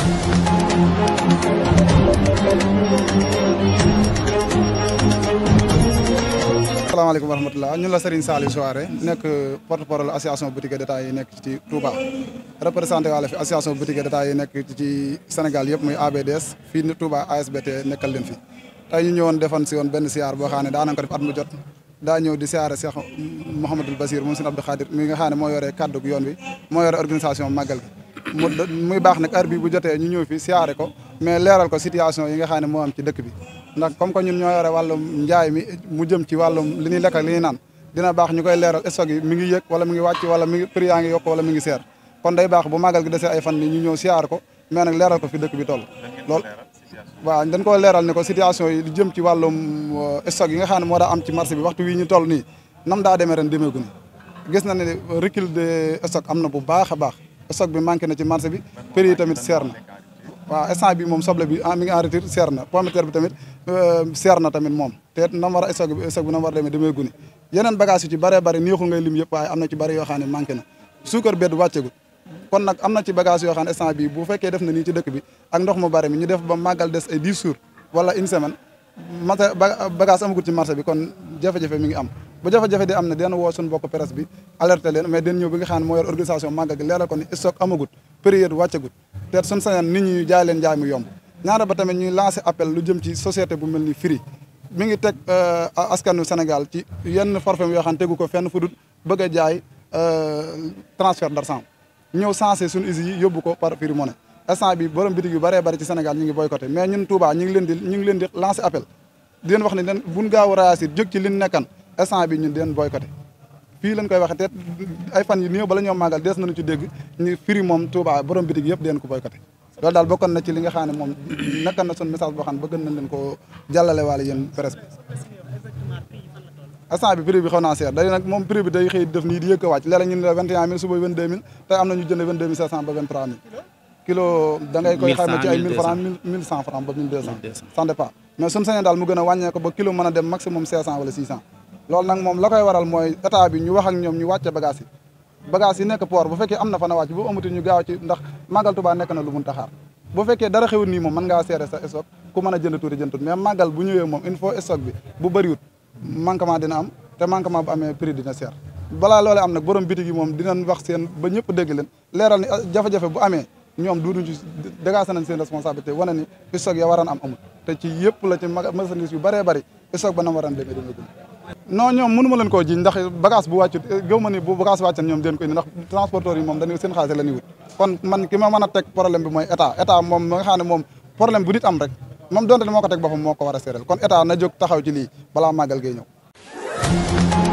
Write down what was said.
asalaamaaleykum wa rahmatulah ñun la Serigne Saliou Souaré nekk porte parole association boutique détail yi nekk ci Touba représenté wala fi association boutique détail yi nekk ci Sénégal yëpp muy ABDS fii Touba ASBT nekkal leen fi tey ñu ñëwoon defoon si woon benn siyaar boo xam ne daanañ ko def at mu jot daa ñëw di siyaare Cheikh Mouhamadul Basir moom sëñ Abdou Khadir mi nga xam ne moo yore kàddu yoon wi moo yore organisation magal mu muy baax nag heure bi bu jotee ñu ñëw fi siyaare ko mais leeral ko situation yi nga xam ne moo am ci dëkk bi ndax comme que ñun ñoo yore wàllum njaay mi mu jëm ci wàllum li ñuy lekk li ñuy naan dina baax ñu koy leeral stock yi mi ngi yëg wala mi ngi wàcc wala mi ngi prix yaa ngi wala mi ngi seer kon day baax bu màggal gi desee ay fan ni ñu ñëw siyaar ko mais nag leeral ko fi dëkk bi toll lool waaw dañ ko leeral ne ko situation yi di jëm ci wàllum euh, stock yi nga xam ne moo daa am ci marché bi waxtu wi ñu tol nii nam daa demee ren demeegu ni gis na ne recul de stock am na bu baax a baax stock bi manqué na ci marché bi prix yi tamit seer na waaw instant bi moom soble bi ah, mi ngi en retire seer na pomme bi tamit euh, seer na tamit moom te na war a bi stock na war a demee demee guni yeneen bagage yu ci bëree bëri neexul ngay lim yëpp waaye am na ci bëri yoo xam ne manqué na suukar bedd wàccegul kon nag am na ci bagage yoo xam ne instant bi bu fekkee def na nii ci dëkk bi ak ndox mu bëri mi ñu def ba màggal des ay dix jours wala une semaine mata bagage amagut ci marché bi kon jafe mi ngi am ba jafe-jafe di am ne den woo suñu bokk presse bi alerté leen mais den ñëw bi nga xam ne moo yor organisation màggal gi leeral ko ne stock amagut période wàccagut te suñu sañan nit ñi jaay leen jaay mu yomb ñaara ba tamit ñuy lancé appel lu jëm ci société bu mel ni Free mi ngi teg euh, askanu Sénégal ci yenn forfait yoo xam ne ko fenn fu dul bëgg a jaay euh, transfert d'argent ñëw sensé suñu usines yi yóbbu ko par Free Money instant bi borom bitig yu bëree ci Sénégal ñu ngi boycotté mais ñun Touba ñu ngi leen di ñu ngi leen di lancé appel di leen a réagir ci liñ nekkan instant bi ñun den boycotté fii lañ koy waxe te ay fan yi néew bala ñoo màggal dees nañu ci dégg ñu firi moom Touba borom bitig yëpp den ko boycotté loolu daal bokkoon na ci li ne moom nekkoon na suñu message boo xam ne bëgg nañ leen ko jàllale waale yéen presse bi instant bi prix bi seer day moom prix day xëy def nii di yëkk a wàcc léeg-léeg vingt et un mille suba vingt deux mille tey am na ñu jënd vingt deux mille cinq cent ba vingt trois mille a wàññee ko ba kilo mën a dem maximum cinq cent wala six cent loolu nag moom la koy waral mooy état bi ñu wax ak ñoom ñu wàcce bagage yi bagage yi nekk port bu fekkee am na fa na wàcc bu amuti ñu gaaw ci ndax màggal Tuubaa nekk na lu mun taxaar bu fekkee dara xewut nii moom mën ngaa seere sa stock ku mën a jënd tuuti jënd tuuti mais màggal bu ñëwee moom il faut stock bi bu bëriwut manquement dina am te manquement bu amee prix dina seer balaa loolee am nag borom bitig yi moom dinañ wax seen ba ñëpp dégg leen leeral ni jafe-jafe amee ñoom duuduñ ci dégagé nañ seen responsabilité wane ni stock ya waran am amul ci yëpp la ci marchandise yu bëree bëri stock ba nam waran demee dina non ñoom mënu ma leen koo jiñ ndax bagage bu wàccut gëw bu bagage wàccan ñoom deen ko indi transporteur yi moom dañu seen xaalis wut kon man ki ma a teg problème bi mooy état état moom ma nga xam ne problème bu nit am rek moom donte ne moo ko teg boppam moo ko war a séeréel kon état na jóg taxaw ci lii balaa màggal gay ñëw